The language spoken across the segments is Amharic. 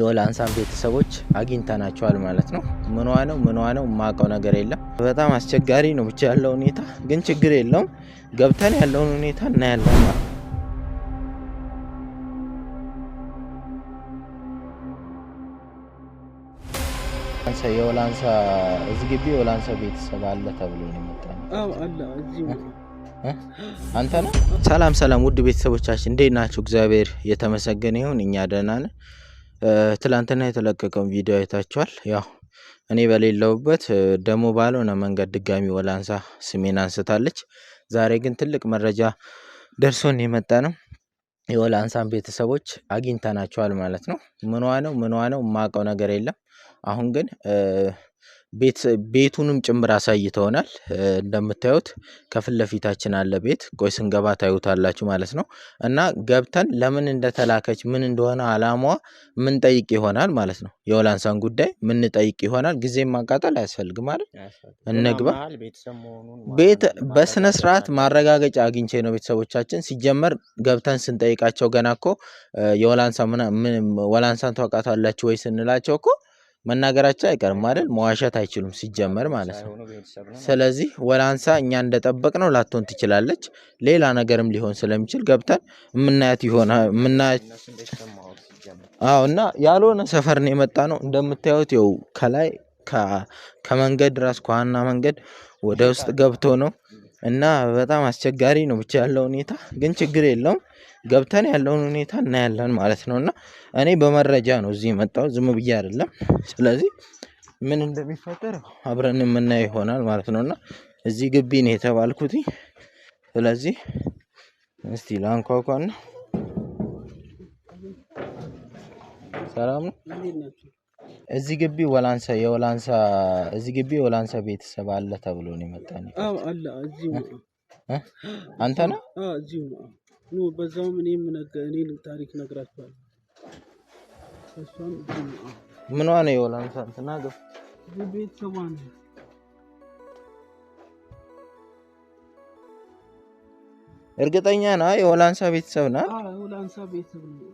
የወላንሳን ቤተሰቦች አግኝተናቸዋል ማለት ነው። ምንዋ ነው ምንዋ ነው የማውቀው ነገር የለም። በጣም አስቸጋሪ ነው ብቻ ያለው ሁኔታ ግን ችግር የለውም። ገብተን ያለውን ሁኔታ እናያለን። የወላንሳ እዚህ ግቢ የወላንሳ ቤተሰብ አለ ተብሎ ነው የመጣ አንተ ነው። ሰላም ሰላም፣ ውድ ቤተሰቦቻችን እንዴት ናቸው እግዚአብሔር የተመሰገነ ይሁን፣ እኛ ደህና ነን። ትላንትና የተለቀቀውን ቪዲዮ አይታችኋል። ያው እኔ በሌለውበት ደግሞ ባልሆነ መንገድ ድጋሚ ወላንሳ ስሜን አንስታለች። ዛሬ ግን ትልቅ መረጃ ደርሶን የመጣ ነው። የወላንሳን ቤተሰቦች አግኝተናቸዋል ማለት ነው። ምኗ ነው ምኗ ነው የማውቀው ነገር የለም። አሁን ግን ቤት ቤቱንም ጭምር አሳይተውናል እንደምታዩት ከፊት ለፊታችን አለ ቤት ቆይ ስንገባ ታዩታላችሁ ማለት ነው። እና ገብተን ለምን እንደተላከች ምን እንደሆነ አላማዋ ጠይቅ ይሆናል ማለት ነው። የወላንሳን ጉዳይ ምን ጠይቅ ይሆናል። ጊዜም ማቃጠል አያስፈልግም ማለት እንግባ። ቤት በስነ ስርዓት ማረጋገጫ አግኝቼ ነው ቤተሰቦቻችን። ሲጀመር ገብተን ስንጠይቃቸው ገና እኮ የወላንሳ ወላንሳን ታውቃታላችሁ ወይ ስንላቸው እኮ መናገራቸው አይቀርም አይደል? መዋሸት አይችሉም ሲጀመር ማለት ነው። ስለዚህ ወላንሳ እኛ እንደጠበቅነው ላትሆን ትችላለች። ሌላ ነገርም ሊሆን ስለሚችል ገብተን የምናያት ይሆነ አዎ። እና ያልሆነ ሰፈር ነው የመጣ ነው እንደምታዩት፣ ው ከላይ ከመንገድ ራስ ከዋና መንገድ ወደ ውስጥ ገብቶ ነው እና በጣም አስቸጋሪ ነው ብቻ ያለው ሁኔታ ግን ችግር የለውም። ገብተን ያለውን ሁኔታ እናያለን ማለት ነው። እና እኔ በመረጃ ነው እዚህ የመጣው ዝም ብዬ አይደለም። ስለዚህ ምን እንደሚፈጠር አብረን የምናየው ይሆናል ማለት ነው። እና እዚህ ግቢ ነው የተባልኩት። ስለዚህ እስቲ ላንኳኳና ሰላም ነው። እዚህ ግቢ ወላንሳ የወላንሳ እዚህ ግቢ ወላንሳ ቤተሰብ አለ ተብሎ ነው የመጣ። አንተ ነው ኑ በዛውም እኔም እኔ ታሪክ ነግራችኋል። እሷም ምኗ ነው የወላን ሳንትና ገ ቤተሰቧ ነው እርግጠኛ ነው የሆላንሳ ቤተሰብ ና የሆላንሳ ቤተሰብ ነው።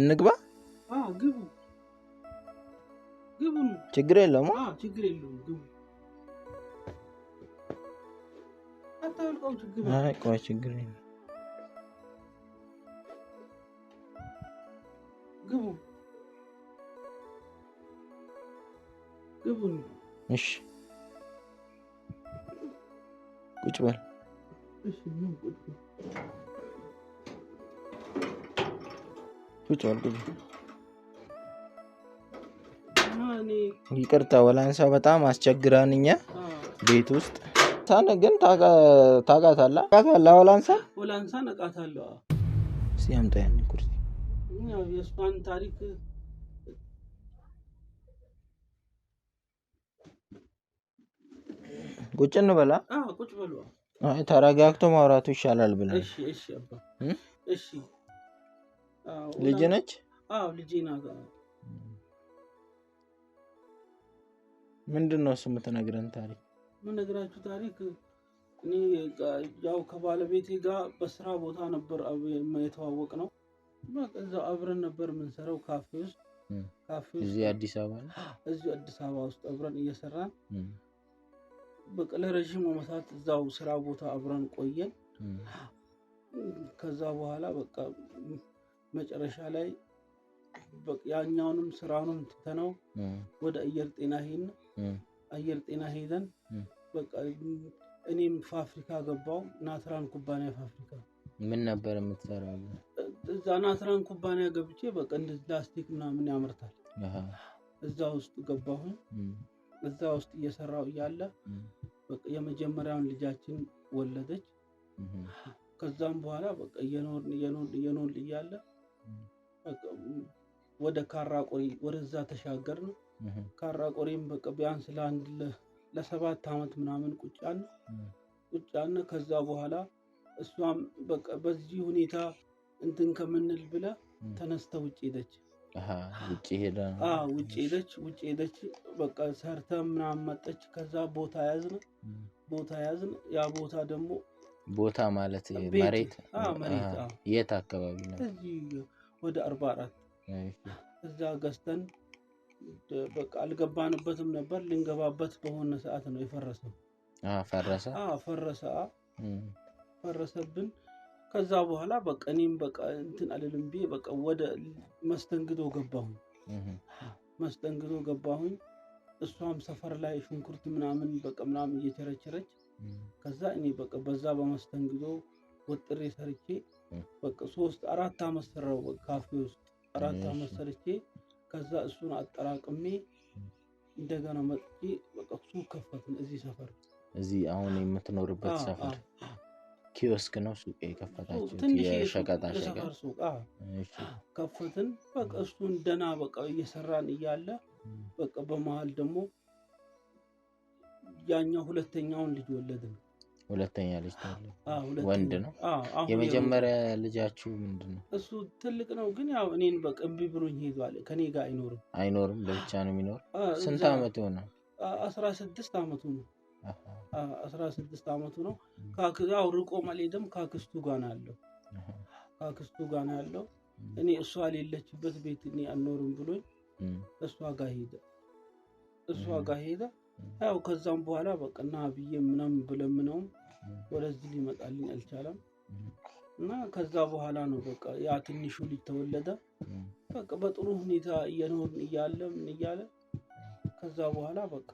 እንግባ ግቡ፣ ችግር የለም፣ ችግር የለውም። ግቡ ግቡ Atau el kau cegur. Nah, kau cegur ini. Gebu. Gebu. Ish. Kau coba. Ish, ini kau coba. Kau coba. ታን ግን ታውቃታለህ? ታውቃታለህ? ሆላንሳ ሆላንሳን አውቃታለሁ። ሲያምጣ ያን ኩርሲ የእሷን ታሪክ ቁጭ እንበላ። ቁጭ በሉ። አይ ተረጋግቶ ማውራቱ ይሻላል ብለህ። እሺ፣ እሺ፣ እሺ። ልጅ ነች? አዎ፣ ልጅ ናት። ምንድን ነው እሱ የምትነግረን ታሪክ የምነግራችሁ ታሪክ እኔ ያው ከባለቤቴ ጋር በስራ ቦታ ነበር የተዋወቅ ነው። እዛው አብረን ነበር የምንሰራው ካፌ ውስጥ ካፌ አዲስ አበባ አዲስ አበባ ውስጥ አብረን እየሰራን በቀለ ረዥም ዓመታት እዛው ስራ ቦታ አብረን ቆየን። ከዛ በኋላ በቃ መጨረሻ ላይ ያኛውንም ስራውንም ትተነው ወደ አየር ጤና ሄድን። አየር ጤና ሄደን በቃ እኔም ፋብሪካ ገባው። ናትራን ኩባንያ ፋብሪካ ምን ነበር የምትሰራ እዛ ናትራን ኩባንያ ገብቼ በ ላስቲክ ምናምን ያመርታል። እዛ ውስጥ ገባሁኝ። እዛ ውስጥ እየሰራው እያለ የመጀመሪያውን ልጃችን ወለደች። ከዛም በኋላ በቃ እያለ ወደ ካራቆሪ ወደዛ ነው። ካራ ቆሬም በቃ ቢያንስ ለአንድ ለሰባት ዓመት ምናምን ቁጫን ቁጫን ከዛ በኋላ እሷም በቃ በዚህ ሁኔታ እንትን ከምንል ብለ ተነስተ ውጭ ሄደች። ውጭ ሄዳ ውጭ ሄደች። ውጭ ሄደች። በቃ ሰርተ ምናምን መጠች። ከዛ ቦታ ያዝን፣ ቦታ ያዝን። ያ ቦታ ደግሞ ቦታ ማለት መሬት የት አካባቢ ነው? ወደ አርባ አራት እዛ ገዝተን በቃ አልገባንበትም ነበር። ልንገባበት በሆነ ሰዓት ነው የፈረሰው። ፈረሰ ፈረሰ ፈረሰብን። ከዛ በኋላ በቃ እኔም በቃ እንትን አልልም ብዬ በቃ ወደ መስተንግዶ ገባሁኝ። መስተንግዶ ገባሁኝ። እሷም ሰፈር ላይ ሽንኩርት ምናምን በቃ ምናምን እየቸረቸረች ከዛ እኔ በቃ በዛ በመስተንግዶ ወጥሬ ሰርቼ በቃ ሶስት አራት አመት ሰራው ካፌ ውስጥ አራት አመት ሰርቼ ከዛ እሱን አጠራቅሜ እንደገና መጥቼ በቃ ሱቅ ከፈትን። እዚህ ሰፈር እዚህ አሁን የምትኖርበት ሰፈር ኪዮስክ ነው ሱቅ የከፈታችሁት? የሸቀጣ ሸቀጥ ከፈትን። በቃ እሱን ደና በቃ እየሰራን እያለ በቃ በመሀል ደግሞ ያኛው ሁለተኛውን ልጅ ወለድን። ሁለተኛ ልጅ ወንድ ነው። የመጀመሪያ ልጃችሁ ምንድን ነው? እሱ ትልቅ ነው፣ ግን ያው እኔን በቃ እምቢ ብሎኝ ሄዷል። ከኔ ጋር አይኖርም አይኖርም፣ ለብቻ ነው የሚኖር። ስንት ዓመት ሆነ? አስራ ስድስት አመቱ ነው። አስራ ስድስት አመቱ ነው። ያው ርቆ አልሄደም። ካክስቱ ጋር ነው ያለው። ካክስቱ ጋር ነው ያለው። እኔ እሷ ሌለችበት ቤት እኔ አልኖርም ብሎኝ እሷ ጋር ሄደ። እሷ ጋር ሄደ። ያው ከዛም በኋላ በቃ ና ብዬ ምናምን ብለምነውም ወደዚህ ሊመጣልኝ አልቻለም። እና ከዛ በኋላ ነው በቃ ያ ትንሹ ልጅ ተወለደ። በቃ በጥሩ ሁኔታ እየኖርን እያለ ምን እያለ ከዛ በኋላ በቃ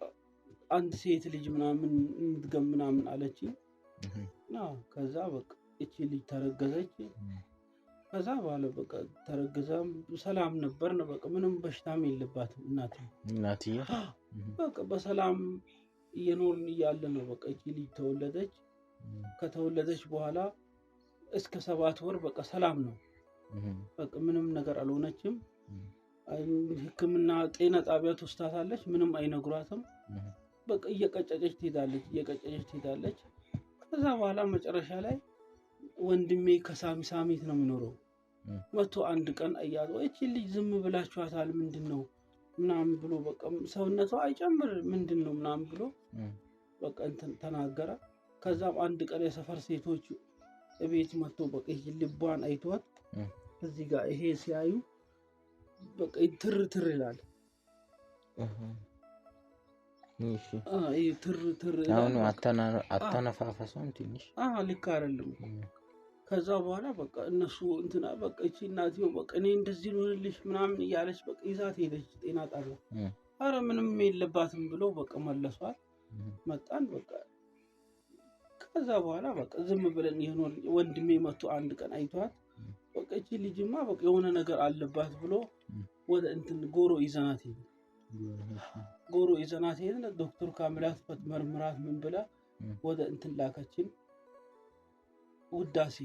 አንድ ሴት ልጅ ምናምን እንድገም ምናምን አለች እና ከዛ በቃ እቺ ልጅ ተረገዘች። ከዛ በኋላ በቃ ተረገዘ። ሰላም ነበር ነው በቃ ምንም በሽታም የለባትም እናት በቃ በሰላም እየኖርን እያለ ነው በቃ እቺ ልጅ ተወለደች። ከተወለደች በኋላ እስከ ሰባት ወር በቃ ሰላም ነው። በቃ ምንም ነገር አልሆነችም። ህክምና ጤና ጣቢያ ትወስታታለች ምንም አይነግሯትም። በቃ እየቀጨጨች ትሄዳለች፣ እየቀጨጨች ትሄዳለች። ከዛ በኋላ መጨረሻ ላይ ወንድሜ ከሳሚ ሳሚት ነው የሚኖረው መቶ አንድ ቀን እያሉ እቺ ልጅ ዝም ብላችኋታል ምንድን ነው ምናምን ብሎ በቃ ሰውነቷ አይጨምር ምንድን ነው ምናምን ብሎ በቃ ተናገረ። ከዛም አንድ ቀን የሰፈር ሴቶች እቤት መጥቶ በ ልቧን አይቷት እዚህ ጋር ይሄ ሲያዩ ትር ትር ይላል። ትር ትር ትንሽ ልክ አይደለም። ከዛ በኋላ በቃ እነሱ እንትና በቃ እቺ እናትዮ በቃ እኔ እንደዚህ ልሆንልሽ ምናምን እያለች በቃ ይዛት ሄደች ጤና ጣቢያ። አረ ምንም የለባትም ብሎ በቃ መለሷል። መጣን በቃ ከዛ በኋላ በቃ ዝም ብለን ይህን ወንድሜ መቶ አንድ ቀን አይቷት በቃ እቺ ልጅማ በቃ የሆነ ነገር አለባት ብሎ ወደ እንትን ጎሮ ይዘናት ሄድን። ጎሮ ይዘናት ሄድን። ዶክተር ፈት መርምራት ምን ብላ ወደ እንትን ላከችን። ውዳሴ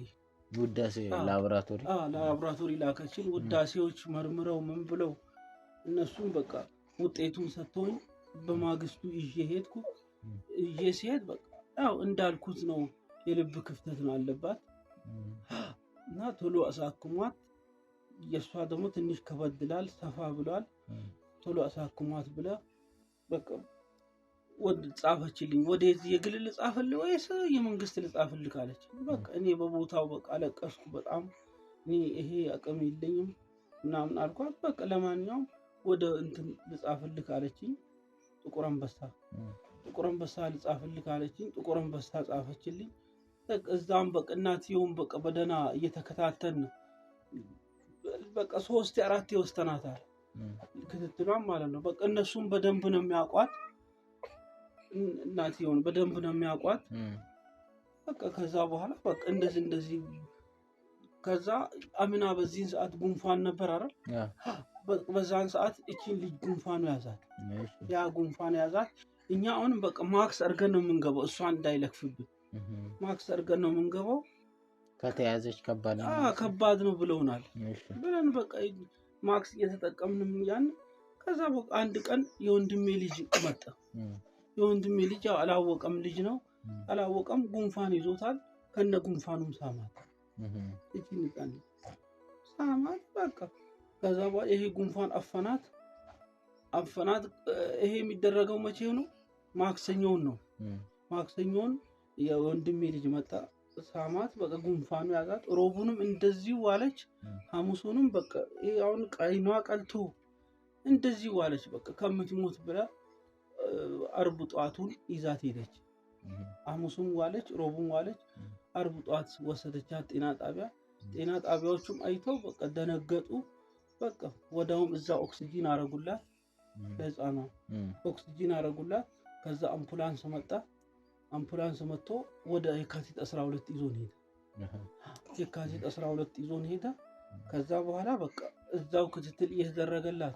ውዳሴ ላቦራቶሪ ላቦራቶሪ ላከችን። ውዳሴዎች መርምረው ምን ብለው እነሱም በቃ ውጤቱን ሰጥቶኝ በማግስቱ ይዤ ሄድኩ። ይዤ ሲሄድ በቃ ያው እንዳልኩት ነው፣ የልብ ክፍተት ነው አለባት እና ቶሎ አሳክሟት። የእሷ ደግሞ ትንሽ ከበድላል፣ ሰፋ ብሏል። ቶሎ አሳክሟት ብለ ጻፈችልኝ። ወደዚህ የግል ልጻፍልህ ወይስ የመንግስት ልጻፍልህ ካለች፣ በቃ እኔ በቦታው በቃ አለቀስኩ። በጣም እኔ ይሄ አቅም የለኝም ምናምን አልኳት። በቃ ለማንኛውም ወደ እንትን ልጻፍልህ ካለችኝ ጥቁር አንበሳ ጥቁር አንበሳ ልጻፍልህ ካለችኝ ጥቁር አንበሳ ጻፈችልኝ። እዛም በቃ እናትየውን በቃ በደህና እየተከታተልን በቃ ሶስት አራት ይወስደናታል ክትትሏን ማለት ነው። በቃ እነሱም በደንብ ነው የሚያውቋት፣ እናትየውን በደንብ ነው የሚያውቋት። በቃ ከዛ በኋላ በቃ እንደዚህ እንደዚህ ከዛ አምና በዚህን ሰዓት ጉንፋን ነበር አይደል? በዛን ሰዓት እቺን ልጅ ጉንፋኑ ያዛት፣ ያ ጉንፋን ያዛት። እኛ አሁንም በቃ ማክስ አርገን ነው የምንገባው። እሷ እንዳይለክፍብን ማክስ አርገን ነው የምንገባው። ከተያዘች ከባድ ነው ከባድ ነው ብለውናል ብለን በቃ ማክስ እየተጠቀምንም ያን ከዛ አንድ ቀን የወንድሜ ልጅ መጣ። የወንድሜ ልጅ አላወቀም፣ ልጅ ነው አላወቀም። ጉንፋን ይዞታል። ከነ ጉንፋኑም ሳማት እጅን ቀን ሳማት። በቃ ከዛ በኋላ ይሄ ጉንፋን አፈናት አፈናት። ይሄ የሚደረገው መቼ ነው? ማክሰኞውን ነው ማክሰኞውን የወንድሜ ልጅ መጣ ሳማት፣ በቃ ጉንፋኑ ያዛት። ሮቡንም እንደዚሁ ዋለች። ሐሙሱንም በቃ አሁን ቀይኗ ቀልቶ እንደዚሁ ዋለች። በቃ ከምትሞት ብላ አርብ ጠዋቱን ይዛት ሄደች። ሐሙሱም ዋለች፣ ሮቡም ዋለች። አርብ ጠዋት ወሰደቻት ጤና ጣቢያ። ጤና ጣቢያዎቹም አይተው በቃ ደነገጡ። በቃ ወዳውም እዛ ኦክሲጂን አረጉላት፣ ለህፃኗ ኦክሲጂን አረጉላት። ከዛ አምፑላንስ መጣ። አምፑላንስ መጥቶ ወደ የካቲት 12 ይዞን ሄደ። የካቲት 12 ይዞን ሄደ። ከዛ በኋላ በቃ እዛው ክትትል እየተደረገላት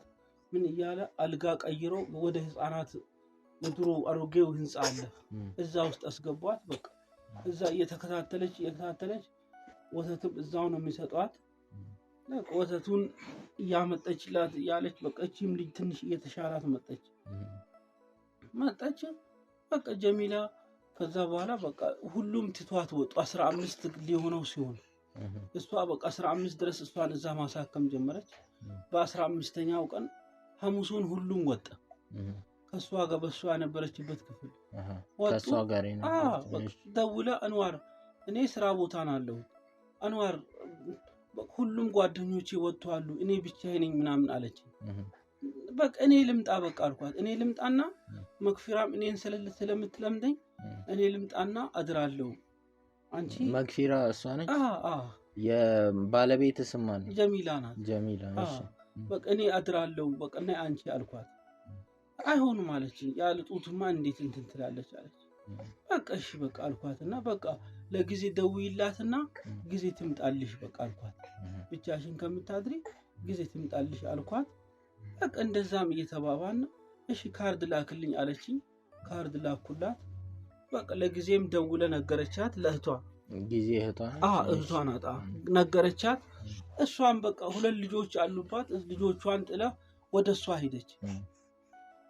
ምን እያለ አልጋ ቀይሮ ወደ ህፃናት የድሮ አሮጌው ህንፃ አለ እዛ ውስጥ አስገቧት። በቃ እዛ እየተከታተለች እየተከታተለች ወተትም እዛው ነው የሚሰጧት። ወተቱን እያመጠችላት እያለች በቃ እቺም ልጅ ትንሽ እየተሻላት መጠች። መጣች። በቃ ጀሚላ ከዛ በኋላ በቃ ሁሉም ትቷት ወጡ። አስራ አምስት ሊሆነው ሲሆን እሷ በቃ አስራ አምስት ድረስ እሷን እዛ ማሳከም ጀመረች። በአስራ አምስተኛው ቀን ሐሙሱን ሁሉም ወጣ። ከእሷ ጋር በእሷ የነበረችበት ክፍል ወጡ። ደውላ አንዋር እኔ ስራ ቦታ ናለሁ አንዋር ሁሉም ጓደኞቼ ወጥቶ እኔ ብቻዬን ነኝ ምናምን አለች። በቃ እኔ ልምጣ በቃ አልኳት። እኔ ልምጣና መክፊራም እኔን ስለምትለምደኝ እኔ ልምጣና አድራለሁ። አንቺ መክፊራ እሷ ነች። የባለቤት ስማ ጀሚላ ናት። ጀሚላ በቃ እኔ አድራለሁ በቃ እና አንቺ አልኳት። አይሆኑ ማለች ያልጡትማ እንዴት እንትን ትላለች አለች። በቃ እሺ በቃ አልኳት እና በቃ ለጊዜ ደውይላትና ጊዜ ትምጣልሽ በቃ አልኳት። ብቻሽን ከምታድሪ ጊዜ ትምጣልሽ አልኳት። በቃ እንደዛም እየተባባና እሺ ካርድ ላክልኝ አለችኝ። ካርድ ላኩላት። በቃ ለጊዜም ደውለ ነገረቻት ለእህቷ ጊዜ እህቷ እህቷ ናት ነገረቻት። እሷን በቃ ሁለት ልጆች አሉባት። ልጆቿን ጥላ ወደ እሷ ሄደች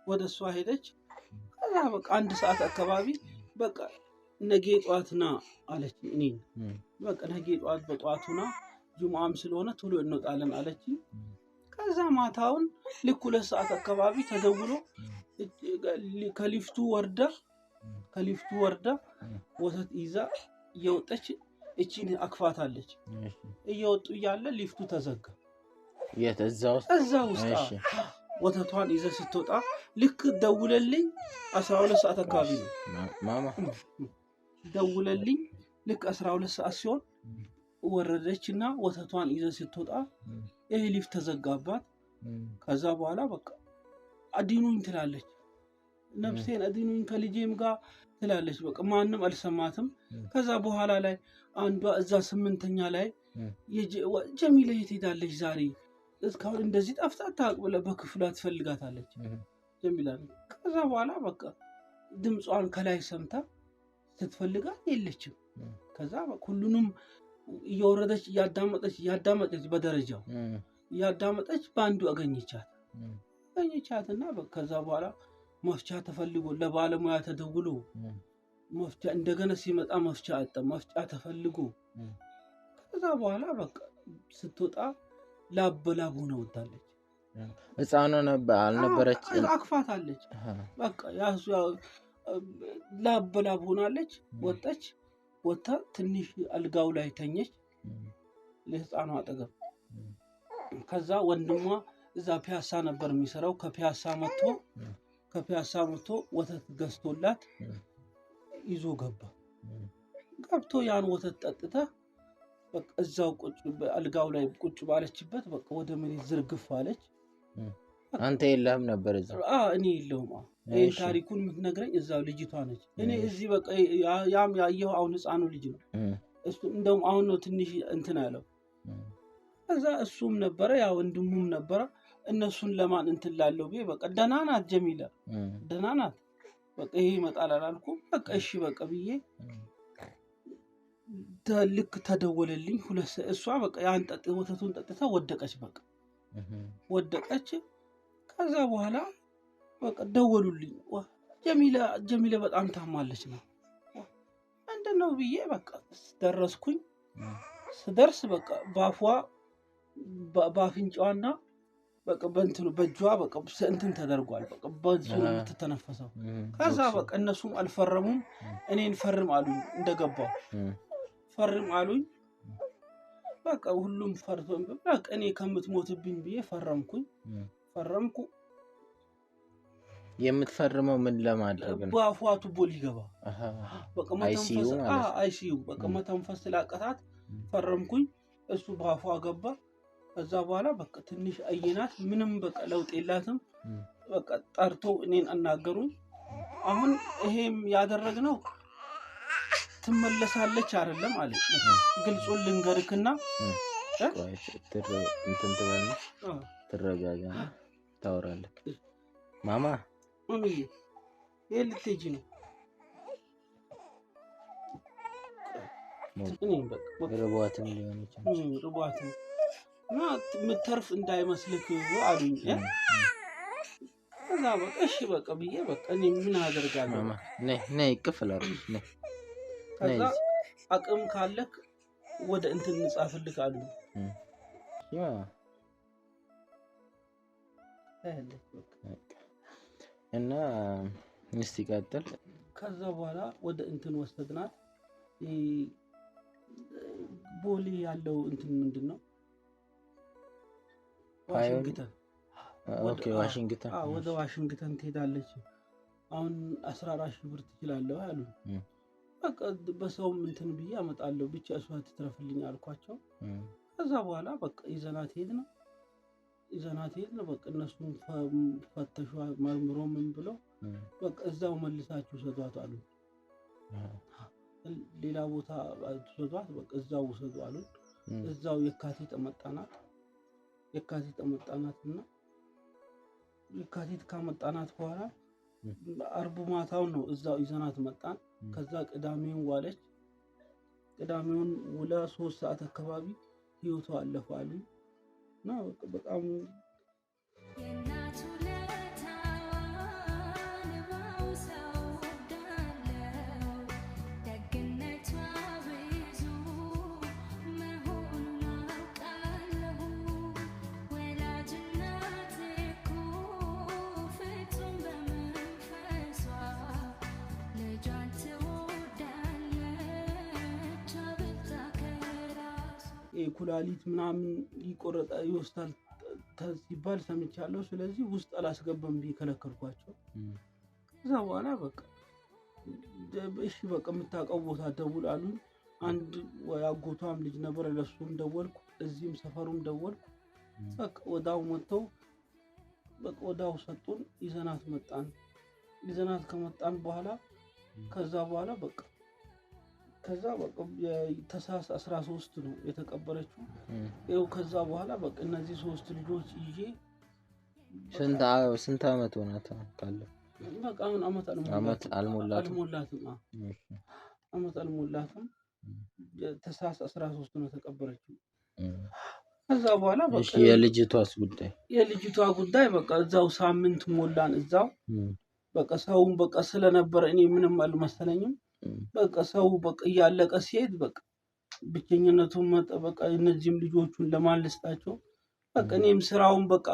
ወደ እሷ ሄደች። ከዛ በቃ አንድ ሰዓት አካባቢ በቃ ነገ ጠዋት ና አለች። እኔ በቃ ነገ ጠዋት በጠዋቱ ና ስለሆነ ቶሎ እንወጣለን አለችኝ። ከዛ ማታውን ልክ ሁለት ሰዓት አካባቢ ተደውሎ ከሊፍቱ ወርዳ ከሊፍቱ ወርዳ ወተት ይዛ እየወጠች እቺን አክፋታለች። እየወጡ እያለ ሊፍቱ ተዘጋ። እዛ ውስጥ ወተቷን ይዘ ስትወጣ ልክ ደውለልኝ፣ አስራ ሁለት ሰዓት አካባቢ ነው ደውለልኝ። ልክ አስራ ሁለት ሰዓት ሲሆን ወረደች እና ወተቷን ይዘ ስትወጣ ይህ ሊፍ ተዘጋባት። ከዛ በኋላ በቃ አዲኑኝ ትላለች፣ ነፍሴን አዲኑኝ ከልጄም ጋር ትላለች። በቃ ማንም አልሰማትም። ከዛ በኋላ ላይ አንዷ እዛ ስምንተኛ ላይ ጀሚለ የት ሄዳለች ዛሬ እስካሁን እንደዚህ ጠፍታ ብለ በክፍሏ ትፈልጋታለች ጀሚላ። ከዛ በኋላ በቃ ድምጿን ከላይ ሰምታ ስትፈልጋት የለችም። ከዛ ሁሉንም እየወረደች እያዳመጠች እያዳመጠች በደረጃው እያዳመጠች በአንዱ አገኘቻት አገኘቻትና ከዛ በኋላ መፍቻ ተፈልጎ ለባለሙያ ተደውሎ መፍቻ እንደገና ሲመጣ መፍቻ አጠ መፍቻ ተፈልጎ ከዛ በኋላ በቃ ስትወጣ ላበላቡ ነው ወጣለች። ህፃኗ አልነበረች አክፋታለች። በቃ ላበላብ ሆናለች ወጣች። ወጥታ ትንሽ አልጋው ላይ ተኘች፣ ለህፃኗ አጠገብ። ከዛ ወንድሟ እዛ ፒያሳ ነበር የሚሰራው። ከፒያሳ መጥቶ ከፒያሳ መጥቶ ወተት ገዝቶላት ይዞ ገባ። ገብቶ ያን ወተት ጠጥታ እዛው አልጋው ላይ ቁጭ ባለችበት በቃ ወደ መሬት ዝርግፍ አለች። አንተ የለህም ነበር እዛ? እኔ የለሁም። ይህን ታሪኩን የምትነግረኝ እዛው ልጅቷ ነች። እኔ እዚህ በቃ ያም ያየው አሁን ህፃኑ ልጅ ነው። እንደውም አሁን ነው ትንሽ እንትን ያለው። እዛ እሱም ነበረ ያ ወንድሙም ነበረ። እነሱን ለማን እንትን ላለው ብዬ በቃ ደህና ናት ጀሚላ፣ ደህና ናት። በቃ ይሄ ይመጣል አላልኩም። በቃ እሺ በቃ ብዬ ልክ ተደወለልኝ። ሁለት እሷ በቃ ያን ወተቱን ጠጥታ ወደቀች፣ በቃ ወደቀች። ከዛ በኋላ በቃ ደወሉልኝ። ጀሚለ በጣም ታማለች ነው ምንድን ነው ብዬ በቃ ደረስኩኝ። ስደርስ በቃ በአፏ በአፍንጫዋና በቃ በእንትኑ በእጇ በቃ እንትን ተደርጓል። በቃ በዙ ነው የምትተነፈሰው። ከዛ በቃ እነሱም አልፈረሙም። እኔን ፈርም አሉኝ። እንደገባው ፈርም አሉኝ። በቃ ሁሉም ፈርቶ በቃ እኔ ከምትሞትብኝ ብዬ ፈረምኩኝ። ፈረምኩ። የምትፈርመው ምን ለማድረግ ነው? በአፏ ቱቦ ሊገባ አይሲዩ በቃ መተንፈስ ስላቀታት ፈረምኩኝ። እሱ በአፏ ገባ። ከዛ በኋላ በቃ ትንሽ አየናት። ምንም በቃ ለውጥ የላትም። በቃ ጠርቶ እኔን አናገሩኝ። አሁን ይሄም ያደረግነው ትመለሳለች አይደለም አለ። ግልጹን ልንገርክና ትረጋጋ ታወራለህ? ማማ ልትሄጂ ነው? ርቧትም ሊሆን ይችላል። ርቧትም እና የምትተርፍ እንዳይመስልክ አሉኝ። ከዛ በቃ እሺ በቃ ብዬ በቃ እኔ ምን አደርጋለሁ? ነይ ከዛ አቅም ካለክ ወደ እንትን ንጻፍልክ አሉኝ። እና እስቲ ይቀጥል። ከዛ በኋላ ወደ እንትን ወሰድናት። ቦሌ ያለው እንትን ምንድን ነው? ዋሽንግተን ዋሽንግተን፣ ወደ ዋሽንግተን ትሄዳለች። አሁን አስራ አራት ሺህ ብር ትችላለህ አሉ። በሰውም እንትን ብዬ አመጣለሁ ብቻ እሷ ትትረፍልኝ አልኳቸው። ከዛ በኋላ በቃ ይዘናት ሄድ ነው ይዘናት የለ በቃ እነሱም ፈተሹ መርምሮ ምን ብለው በቃ እዛው መልሳችሁ ሰዷት አሉ። ሌላ ቦታ ሰዷት በቃ እዛው ውሰዱ አሉን። እዛው የካቲት አመጣናት። የካቲት አመጣናት እና የካቲት ካመጣናት በኋላ አርቡ ማታውን ነው እዛው ይዘናት መጣን። ከዛ ቅዳሜውን ዋለች። ቅዳሜውን ውላ ሶስት ሰዓት አካባቢ ህይወቷ አለፈ አሉኝ። No, but um, ኩላሊት ምናምን ይቆረጣ ይወስዳል ሲባል ሰምቻለሁ። ስለዚህ ውስጥ አላስገባም ብዬ ከለከልኳቸው። ከዛ በኋላ በቃ እሺ በቃ የምታውቀው ቦታ ደውል አሉ። አንድ አጎቷም ልጅ ነበር፣ ለሱም ደወልኩ፣ እዚህም ሰፈሩም ደወልኩ። ወዳው መጥተው ወዳው ሰጡን። ይዘናት መጣን። ይዘናት ከመጣን በኋላ ከዛ በኋላ በቃ ከዛ በቃ ተሳስ 13 ነው የተቀበረችው። ይኸው ከዛ በኋላ በቃ እነዚህ ሶስት ልጆች ይዤ ስንት አመት ሆናት ካለ በቃ አሁን አመት አልሞላትም አመት አልሞላትም። ተሳስ 13 ነው የተቀበረችው። ከዛ በኋላ በቃ የልጅቷስ ጉዳይ የልጅቷ ጉዳይ በቃ እዛው ሳምንት ሞላን እዛው በቃ ሰውን በቃ ስለነበረ እኔ ምንም አልመሰለኝም በቃ ሰው በቃ እያለቀ ሲሄድ በቃ ብቸኝነቱን መጠ በቃ እነዚህም ልጆቹን ለማለስታቸው በቃ እኔም ስራውን በቃ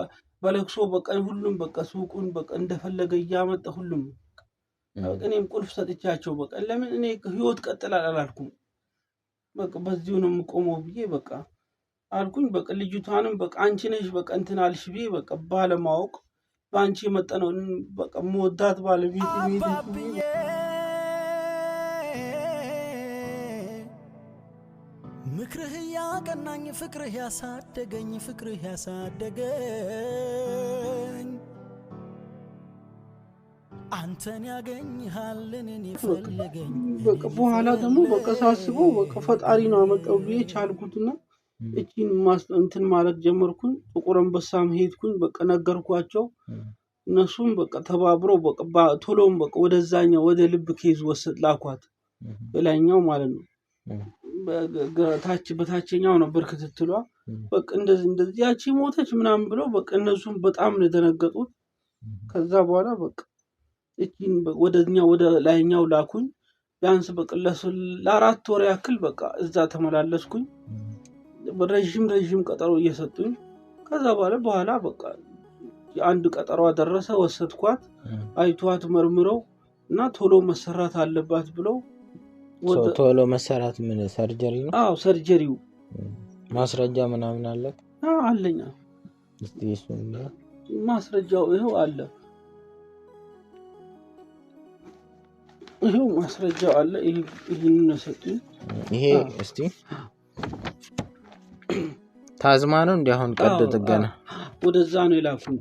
በለቅሶ በቃ ሁሉም በቃ ሱቁን በቃ እንደፈለገ እያመጣ ሁሉም እኔም ቁልፍ ሰጥቻቸው በቃ ለምን እኔ ህይወት ቀጥላል አላልኩም። በቃ በዚሁ ነው የምቆመው ብዬ በቃ አልኩኝ። በቃ ልጅቷንም በቃ አንቺ ነሽ በቃ እንትን አልሽ ብዬ በቃ ባለማወቅ በአንቺ የመጠነውን በቃ መወዳት ባለቤት ፍቅርህ ያቀናኝ ፍቅርህ ያሳደገኝ ፍቅርህ ያሳደገኝ አንተን ያገኝሃል እኔን ይፈልገኝ። በኋላ ደግሞ በቃ ሳስበው በቃ ፈጣሪ ነው አመጣው ብዬ ቻልኩትና እቺን እንትን ማለት ጀመርኩኝ። ጥቁር አንበሳም ሄድኩኝ። በቃ ነገርኳቸው። እነሱም በቃ ተባብሮ ቶሎም በቃ ወደዛኛው ወደ ልብ ኬዝ ወሰድ ላኳት በላይኛው ማለት ነው። በታችኛው ነበር ክትትሏ። በቃ እንደዚህ እንደዚህ ያቺ ሞተች ምናምን ብለው በቃ እነሱም በጣም ነው የደነገጡት። ከዛ በኋላ በቃ ወደኛ ወደ ላይኛው ላኩኝ። ቢያንስ በቃ ለአራት ወር ያክል በቃ እዛ ተመላለስኩኝ። ረዥም ረዥም ቀጠሮ እየሰጡኝ ከዛ በኋላ በኋላ በቃ አንድ ቀጠሮ ደረሰ። ወሰድኳት አይቷት መርምረው እና ቶሎ መሰራት አለባት ብለው ቶሎ መሰራት ምን ሰርጀሪ ነው? አዎ ሰርጀሪው። ማስረጃ ምናምን አለ አለኛ። ማስረጃው ይኸው አለ፣ ይኸው ማስረጃው አለ። ይህን ነሰጡ ይሄ እስቲ ታዝማ ነው እንዲ አሁን ቀዶ ጥገና ወደዛ ነው የላኩኝ፣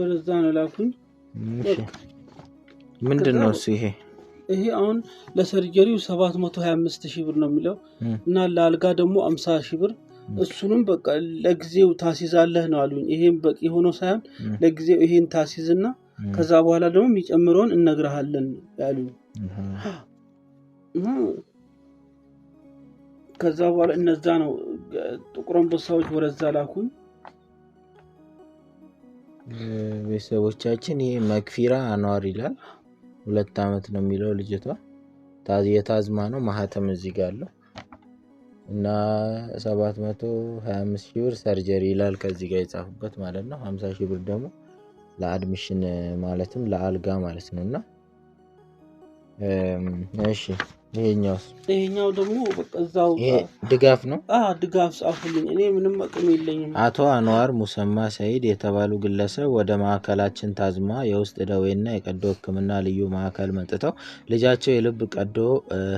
ወደዛ ነው የላኩኝ። ምንድን ነው ይሄ ይሄ አሁን ለሰርጀሪው 725 ሺህ ብር ነው የሚለው እና ለአልጋ ደግሞ 50 ሺህ ብር እሱንም በቃ ለጊዜው ታሲዛለህ ነው አሉኝ። ይሄም በቂ ሆኖ ሳይሆን ለጊዜው ይሄን ታሲዝና ከዛ በኋላ ደግሞ የሚጨምረውን እነግረሃለን ያሉ ከዛ በኋላ እነዛ ነው ጥቁር ቦሳዎች ወረዛ ላኩኝ። ቤተሰቦቻችን ይሄ መክፊራ አኗር ይላል። ሁለት ዓመት ነው የሚለው ልጅቷ የታዝማ ነው ማህተም እዚህ ጋር አለው እና 725 ሺህ ብር ሰርጀሪ ይላል ከዚህ ጋር የጻፉበት ማለት ነው። 50 ሺህ ብር ደግሞ ለአድሚሽን ማለትም ለአልጋ ማለት ነው እና እሺ ይሄኛውስ ይሄኛው ደግሞ እዛው ድጋፍ ነው። ድጋፍ ጻፉልኝ፣ እኔ ምንም አቅም የለኝም። አቶ አንዋር ሙሰማ ሰይድ የተባሉ ግለሰብ ወደ ማዕከላችን ታዝማ የውስጥ ደዌና የቀዶ ህክምና ልዩ ማዕከል መጥተው ልጃቸው የልብ ቀዶ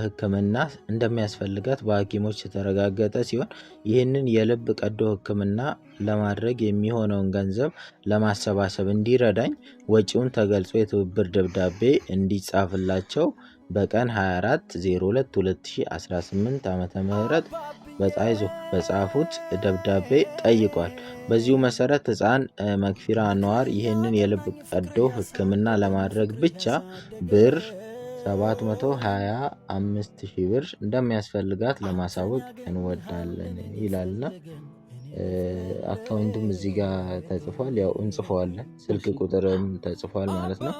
ህክምና እንደሚያስፈልጋት በሀኪሞች የተረጋገጠ ሲሆን ይህንን የልብ ቀዶ ህክምና ለማድረግ የሚሆነውን ገንዘብ ለማሰባሰብ እንዲረዳኝ ወጪውን ተገልጾ የትብብር ደብዳቤ እንዲጻፍላቸው በቀን 24/02/2018 ዓ.ም በፀሐይ በጻፉት ደብዳቤ ጠይቋል። በዚሁ መሰረት ህፃን መክፊራ አንዋር ይህንን የልብ ቀዶ ህክምና ለማድረግ ብቻ ብር 725000 ብር እንደሚያስፈልጋት ለማሳወቅ እንወዳለን ይላልና አካውንቱም እዚህ ጋር ተጽፏል። ያው እንጽፈዋለን፣ ስልክ ቁጥርም ተጽፏል ማለት ነው።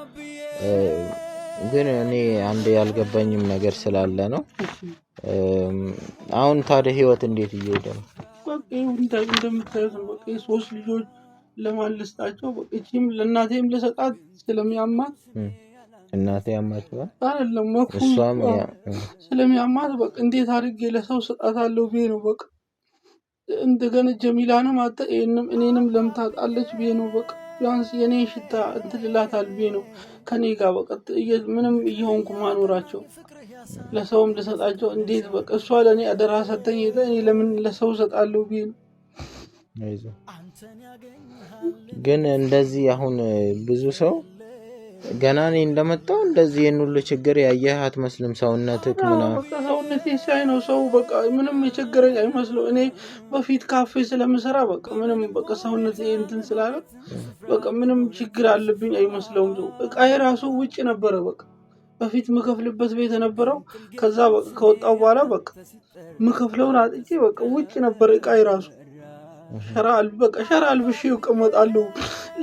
ግን እኔ አንድ ያልገባኝም ነገር ስላለ ነው። አሁን ታዲያ ህይወት እንዴት እየሄደ ነው? እንደምታዩት በቃ ሶስት ልጆች ለማልስጣቸው በቃም ለእናቴም ልሰጣት ስለሚያማት እናቴ ያማችኋል አይደለም ስለሚያማት በቃ እንዴት አድርጌ ለሰው ስጣታለሁ ብዬ ነው በቃ እንደገና ጀሚላንም አጣ እኔንም ለምታጣለች ብዬ ነው በቃ ቢያንስ የኔን ሽታ እንትልላት አልቤ ነው ከኔ ጋር በቃ ምንም እየሆንኩ ማኖራቸው ለሰውም ልሰጣቸው እንዴት በቃ እሷ ለእኔ አደራ ሰተኝ ሄደ እኔ ለምን ለሰው ሰጣለሁ ብዬ ግን እንደዚህ አሁን ብዙ ሰው ገና እኔ እንደመጣው እንደዚህ ይህን ሁሉ ችግር ያየህ አትመስልም። ሰውነትህ ምናምን ሰውነቴ ሳይ ነው ሰው በቃ ምንም የቸገረኝ አይመስለው። እኔ በፊት ካፌ ስለምሰራ በቃ ምንም በቃ ሰውነቴ እንትን ስላለ በቃ ምንም ችግር አለብኝ አይመስለውም። ሰው እቃዬ ራሱ ውጭ ነበረ በቃ በፊት ምከፍልበት ቤት ነበረው። ከዛ ከወጣው በኋላ በቃ ምከፍለውን አጥቼ በቃ ውጭ ነበር እቃ የራሱ ሸራ በቃ ሸራ አልብሼ እቀመጣለሁ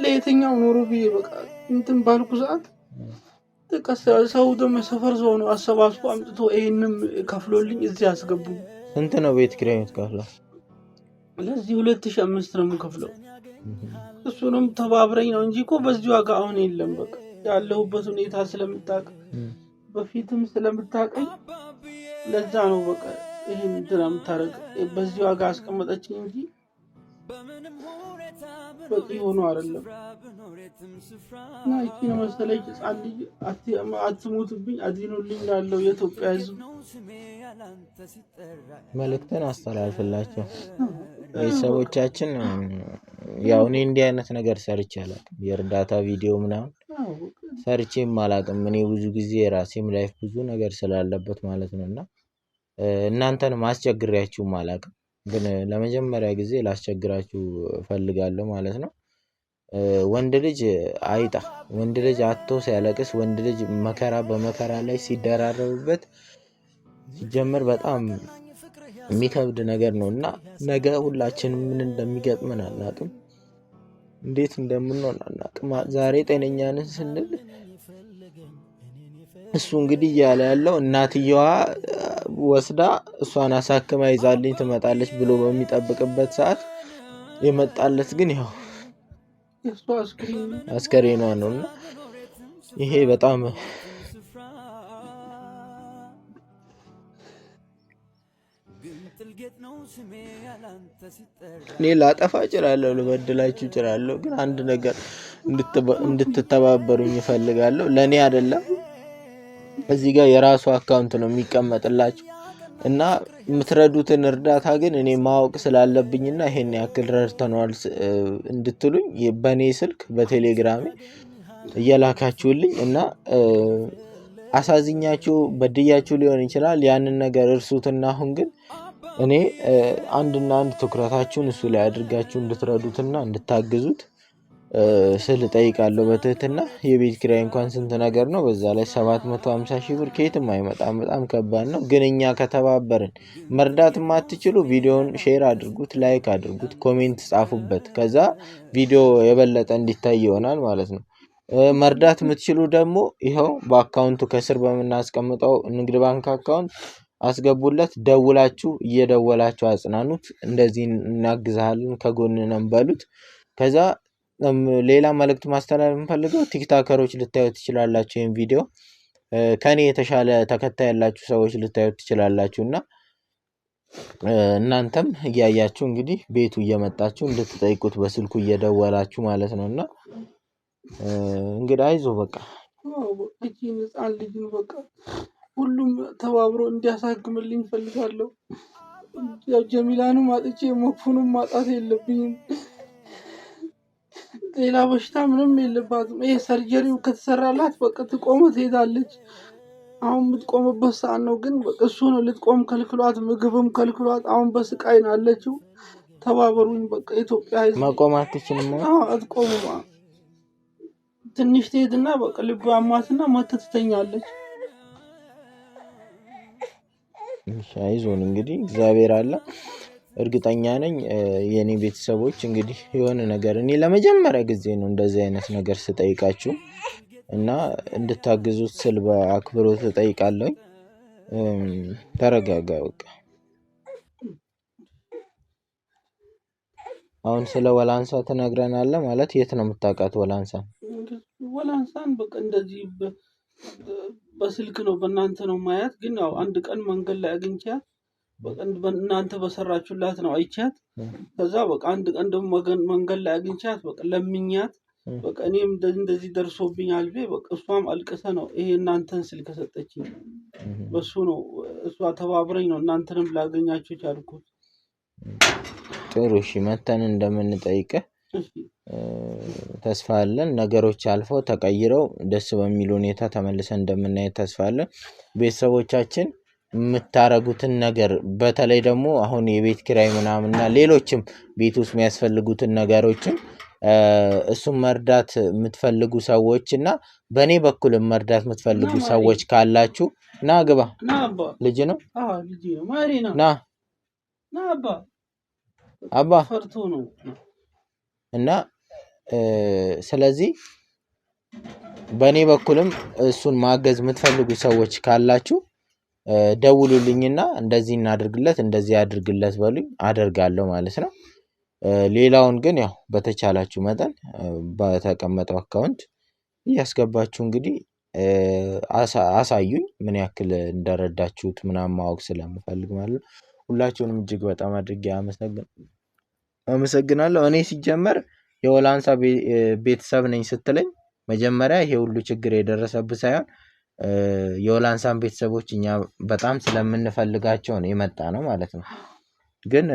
ለየትኛው ኑሮ ብዬ በቃ እንትን ባልኩ ሰዓት ሰው ደግሞ ሰፈር ሰው ነው አሰባስቦ አምጥቶ ይህንም ከፍሎልኝ እዚህ አስገቡ። ስንት ነው ቤት ኪራይ የምትከፍለው? ለዚህ ሁለት ሺህ አምስት ነው የምከፍለው። እሱንም ተባብረኝ ነው እንጂ እኮ በዚህ ዋጋ አሁን የለም። በቃ ያለሁበት ሁኔታ ስለምታቅ በፊትም ስለምታቀኝ ለዛ ነው በቃ ይህ ምድር የምታደርግ በዚህ ዋጋ አስቀመጠችኝ እንጂ በዚህ ሆኖ አይደለም። ነው መሰለኝ ህፃን ልጅ አዲኑልኝ ላለው የኢትዮጵያ ህዝብ መልእክትን አስተላልፍላቸው። ቤተሰቦቻችን ያው እኔ እንዲህ አይነት ነገር ሰርቼ አላቅም። የእርዳታ ቪዲዮ ምናምን ሰርቼም አላቅም። እኔ ብዙ ጊዜ የራሴም ላይፍ ብዙ ነገር ስላለበት ማለት ነው እና እናንተንም አስቸግሬያችሁም አላቅም ግን ለመጀመሪያ ጊዜ ላስቸግራችሁ እፈልጋለሁ ማለት ነው። ወንድ ልጅ አይጣ ወንድ ልጅ አቶ ሲያለቅስ ወንድ ልጅ መከራ በመከራ ላይ ሲደራረብበት ሲጀምር በጣም የሚከብድ ነገር ነው እና ነገ ሁላችንም ምን እንደሚገጥመን አናቅም፣ እንዴት እንደምንሆን አናቅም። ዛሬ ጤነኛንን ስንል እሱ እንግዲህ እያለ ያለው እናትየዋ ወስዳ እሷን አሳክማ ይዛልኝ ትመጣለች ብሎ በሚጠብቅበት ሰዓት የመጣለት ግን ያው አስከሬኗ ነው እና ይሄ በጣም እኔ ላጠፋ እችላለሁ፣ ልበድላችሁ እችላለሁ። ግን አንድ ነገር እንድትተባበሩኝ እፈልጋለሁ። ለእኔ አይደለም እዚህ ጋር የራሱ አካውንት ነው የሚቀመጥላቸው እና የምትረዱትን እርዳታ ግን እኔ ማወቅ ስላለብኝና ይሄን ያክል ረድተነዋል እንድትሉኝ በእኔ ስልክ በቴሌግራሜ እየላካችሁልኝ እና አሳዝኛችሁ በድያችሁ ሊሆን ይችላል። ያንን ነገር እርሱትና አሁን ግን እኔ አንድና አንድ ትኩረታችሁን እሱ ላይ አድርጋችሁ እንድትረዱትና እንድታግዙት ስል ጠይቃለሁ በትህትና የቤት ኪራይ እንኳን ስንት ነገር ነው። በዛ ላይ ሰባት መቶ ሀምሳ ሺህ ብር ከየትም አይመጣም። በጣም ከባድ ነው። ግን እኛ ከተባበርን መርዳት የማትችሉ ቪዲዮን ሼር አድርጉት፣ ላይክ አድርጉት፣ ኮሜንት ጻፉበት። ከዛ ቪዲዮ የበለጠ እንዲታይ ይሆናል ማለት ነው። መርዳት የምትችሉ ደግሞ ይኸው በአካውንቱ ከስር በምናስቀምጠው ንግድ ባንክ አካውንት አስገቡለት። ደውላችሁ እየደወላችሁ አጽናኑት። እንደዚህ እናግዛለን ከጎንነን በሉት። ከዛ ሌላ መልእክት ማስተላለፍ የምፈልገው ቲክታከሮች ልታዩት ትችላላችሁ። ይህም ቪዲዮ ከኔ የተሻለ ተከታይ ያላችሁ ሰዎች ልታዩት ትችላላችሁ እና እናንተም እያያችሁ እንግዲህ ቤቱ እየመጣችሁ እንድትጠይቁት በስልኩ እየደወላችሁ ማለት ነው። እና እንግዲህ አይዞ በቃ ልጅን ህፃን ልጅን በቃ ሁሉም ተባብሮ እንዲያሳግምልኝ እፈልጋለሁ። ጀሚላንም አጥቼ መክፉንም ማጣት የለብኝም። ሌላ በሽታ ምንም የለባትም። ይሄ ሰርጀሪው ከተሰራላት በቃ ትቆመ ትሄዳለች። አሁን የምትቆምበት ሰዓት ነው፣ ግን እሱ ነው ልትቆም ከልክሏት፣ ምግብም ከልክሏት፣ አሁን በስቃይ ነው ያለችው። ተባበሩኝ በቃ ኢትዮጵያ ሕዝብ መቆም አትችልም፣ አትቆምም። ትንሽ ትሄድና በቃ ልብ አማትና መተትተኛለች። አይዞን እንግዲህ እግዚአብሔር አለ እርግጠኛ ነኝ የእኔ ቤተሰቦች እንግዲህ የሆነ ነገር እኔ ለመጀመሪያ ጊዜ ነው እንደዚህ አይነት ነገር ስጠይቃችሁ እና እንድታግዙት ስል በአክብሮ ትጠይቃለኝ ተረጋጋ በቃ። አሁን ስለ ወላንሳ ትነግረናለህ ማለት የት ነው የምታውቃት ወላንሳ? ወላንሳን በቃ እንደዚህ በስልክ ነው በእናንተ ነው ማያት። ግን ያው አንድ ቀን መንገድ ላይ አግኝቻት እናንተ በሰራችሁላት ነው አይቻት። ከዛ በቃ አንድ ቀን ደግሞ መንገድ ላይ አግኝቻት በቃ ለምኛት በቃ እኔም እንደዚህ ደርሶብኝ አልቤ በቃ እሷም አልቅሰ ነው ይሄ እናንተን ስልክ ሰጠችኝ። በሱ ነው እሷ ተባብረኝ ነው እናንተንም ላገኛችሁ ቻልኩት። ጥሩ እሺ፣ መተን እንደምንጠይቀ ተስፋ አለን። ነገሮች አልፈው ተቀይረው ደስ በሚል ሁኔታ ተመልሰን እንደምናየት ተስፋ አለን ቤተሰቦቻችን የምታረጉትን ነገር በተለይ ደግሞ አሁን የቤት ኪራይ ምናምን እና ሌሎችም ቤት ውስጥ የሚያስፈልጉትን ነገሮችን እሱን መርዳት የምትፈልጉ ሰዎች እና በእኔ በኩልም መርዳት የምትፈልጉ ሰዎች ካላችሁ ና ግባ። ልጅ ነው ና አባ እና ስለዚህ በእኔ በኩልም እሱን ማገዝ የምትፈልጉ ሰዎች ካላችሁ ደውሉልኝና እንደዚህ እናድርግለት እንደዚህ አድርግለት በሉኝ አደርጋለሁ ማለት ነው። ሌላውን ግን ያው በተቻላችሁ መጠን በተቀመጠው አካውንት እያስገባችሁ እንግዲህ አሳዩኝ ምን ያክል እንደረዳችሁት ምናምን ማወቅ ስለምፈልግ ማለት ነው። ሁላችሁንም እጅግ በጣም አድርጌ አመሰግናለሁ። እኔ ሲጀመር የወላንሳ ቤተሰብ ነኝ ስትለኝ መጀመሪያ ይሄ ሁሉ ችግር የደረሰብህ ሳይሆን የወላንሳን ቤተሰቦች እኛ በጣም ስለምንፈልጋቸው ነው የመጣ ነው ማለት ነው። ግን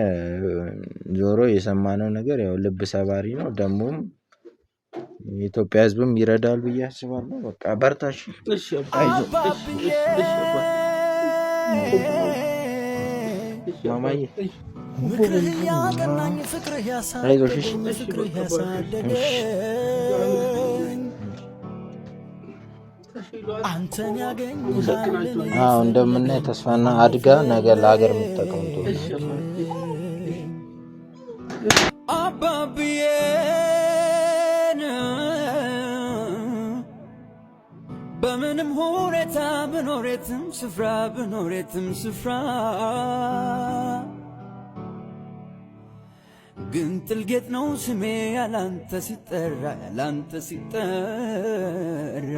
ዞሮ የሰማነው ነገር ያው ልብ ሰባሪ ነው። ደግሞም የኢትዮጵያ ሕዝብም ይረዳል ብዬ አስባለሁ። በቃ በርታሽ። አይዞሽ እንደምናይ ተስፋና አድጋ ነገ ለሀገር የምትጠቀምጡ አባብዬን በምንም ሁኔታ ብኖሬትም ስፍራ ብኖሬትም ስፍራ ግን ጥልጌጥ ነው ስሜ ያላንተ ሲጠራ ያላንተ ሲጠራ